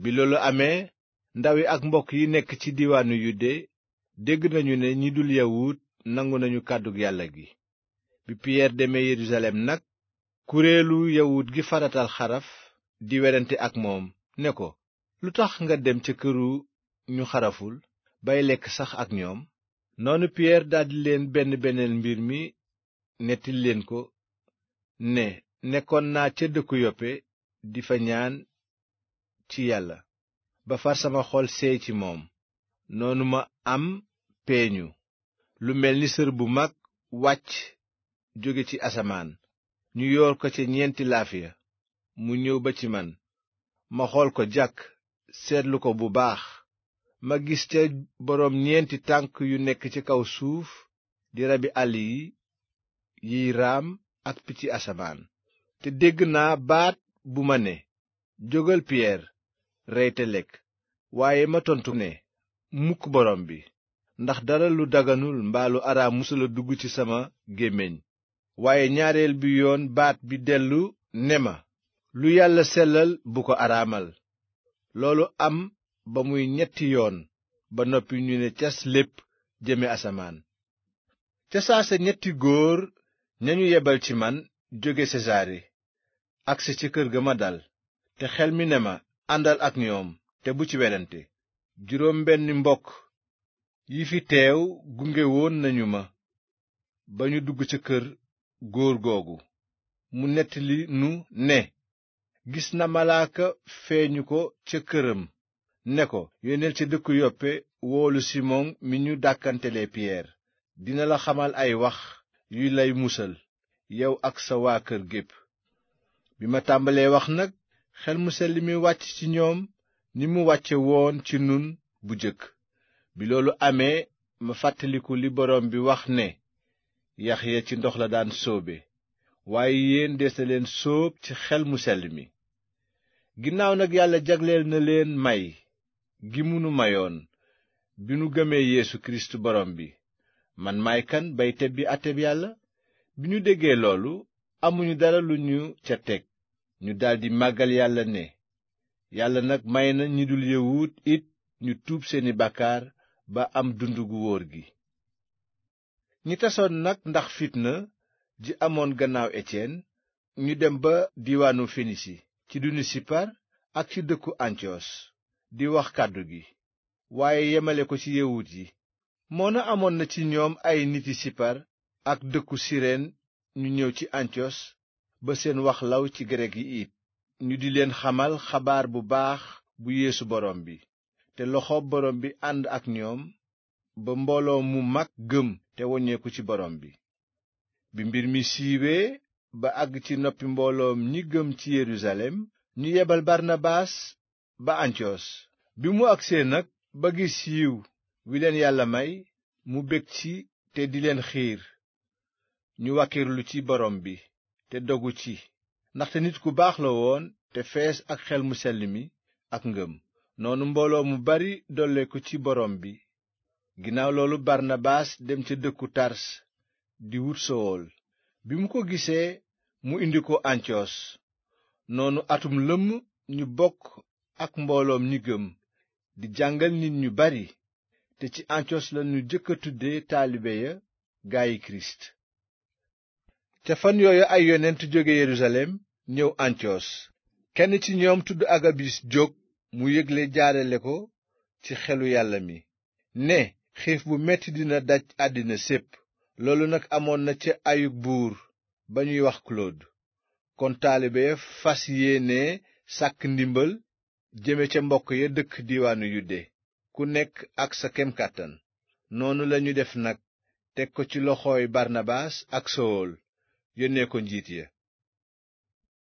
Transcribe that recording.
bi loolu amee ndaw yi ak mbokk yi nekk ci diiwaanu yude dégg nañu ne ñi dul yawut nangu nañu kàddu yàlla gi bi piyeer demee yerusalem nag kuréelu yawut gi faratal xaraf di werante ak moom ne ko lu tax nga dem ca këru ñu xaraful bay lekk sax ak ñoom noonu piyeer daldi leen benn beneel mbir mi nettali leen ko ne nekkoon naa ca dëkku yoppe di fa ñaan ci yàlla ba far sama xol seey ci moom noonu ma am peeñu lu mel ni sër bu mag wàcc jóge ci asamaan ñu yoor ko ca ñeenti laafiya mu ñëw ba ci man ma xool ko jàkk seetlu ko bu baax ma gis ca boroom ñeenti tànk yu nekk ci kaw suuf di rabi àll yi yiy raam ak picc asamaan te dégg naa baat bu ma ne jógal piyeer rey te lekk waaye ma tontu ne mukk borom bi ndax dara lu daganul mbaalu lu araam a dugg ci sama gémmiñ waaye ñaareel bi yoon baat bi dellu ne ma lu yàlla sellal bu ko araamal loolu am ba muy ñetti yoon ba noppi ñu ne cas lépp jëme asamaan ca saasa ñetti góor ñañu yebal ci man jóge sesaari agsi ci kër ga ma dal te xel mi ne ma àndal ak ñoom te bu ci werante juróom benni mbokk yi fi teew gunge woon nañu ma ba ñu dugg ca kër góor googu mu nettali nu ne gis na malaaka feeñu ko ca këram ne ko yónneel ca dëkku yoppe woolu simon mi ñu dàkkante dàkkantele piyeer dina la xamal ay wax yu lay musal yow ak sa waa kër gépp bi ma tàmbalee wax nag xel mu sell mi wàcc ci ñoom ni mu wàcce woon ci nun bu jëkk bi loolu amee ma fàttaliku li borom bi wax ne Yaxya ci ndox la daan soobe waaye yéen dees na leen sóob ci xel mu sell mi ginnaaw nag yàlla jagleel na leen may gi mënu mayoon bi nu gëmee Yeesu Kirist borom bi man maay kan bay tebbi àtteb yàlla bi ñu déggee loolu amuñu dara lu ñu ca teg ñu daldi màggal yàlla ne yàlla nag may na ñi dul yawut it ñu tuub seeni bàkkaar ba am dund gu wóor gi ñi tasoon nag ndax fitna ji amoon gannaaw Etiyen ñu dem ba diwaanu Fenisi ci duni sipar ak ci dëkku Antiyos di wax kàddu gi waaye yemale ko ci yawut yi moona amoon na ci ñoom ay nit niti sipar ak dëkku Sireen ñu ñëw ci Antiyos ba seen wax law ci grek yi it ñu di leen xamal xabaar bu baax bu yéesu borom bi te loxoob borom bi ànd ak ñoom ba mbooloo mu mag gëm te woññeeku ci borom bi bi mbir mi siiwee ba àgg ci noppi mbooloom ñi gëm ci yerusalem ñu yebal barnabaas ba antiyos bi mu agsee nag ba gis yiw wi leen yàlla may mu bég ci te di leen xiir ñu wàkkirlu ci borom bi te dogu ci ndaxte nit ku baax la woon te fees ak xel mu sell mi ak ngëm noonu mbooloo mu bari dolleeku ci borom bi ginnaaw loolu barnabaas dem ca dëkku tars di wut sowool bi mu ko gisee mu indi ko antiyos noonu atum lëmm ñu bokk ak mbooloom ñi gëm di jàngal nit ñu bari te ci antiyos lañu jëkk a tudde taalibe ya gaayi kirist ca fan yooyu ay yonent jóge yerusalem ñëw antiyos kenn ci ñoom tudd agabis jóg mu yégle jaarale ko ci xelu yàlla mi ne xiif bu metti dina daj àddina sépp loolu nag amoon na ca ayub buur ba ñuy wax Claude kon taalibe fas fas ne sàkk ndimbal jëme ca mbokk ya dëkk diiwaanu yudde ku nekk ak sa kem kàttan noonu lañu def nag teg ko ci loxooy Barnabaas ak Sowol yónnee ko njiit ya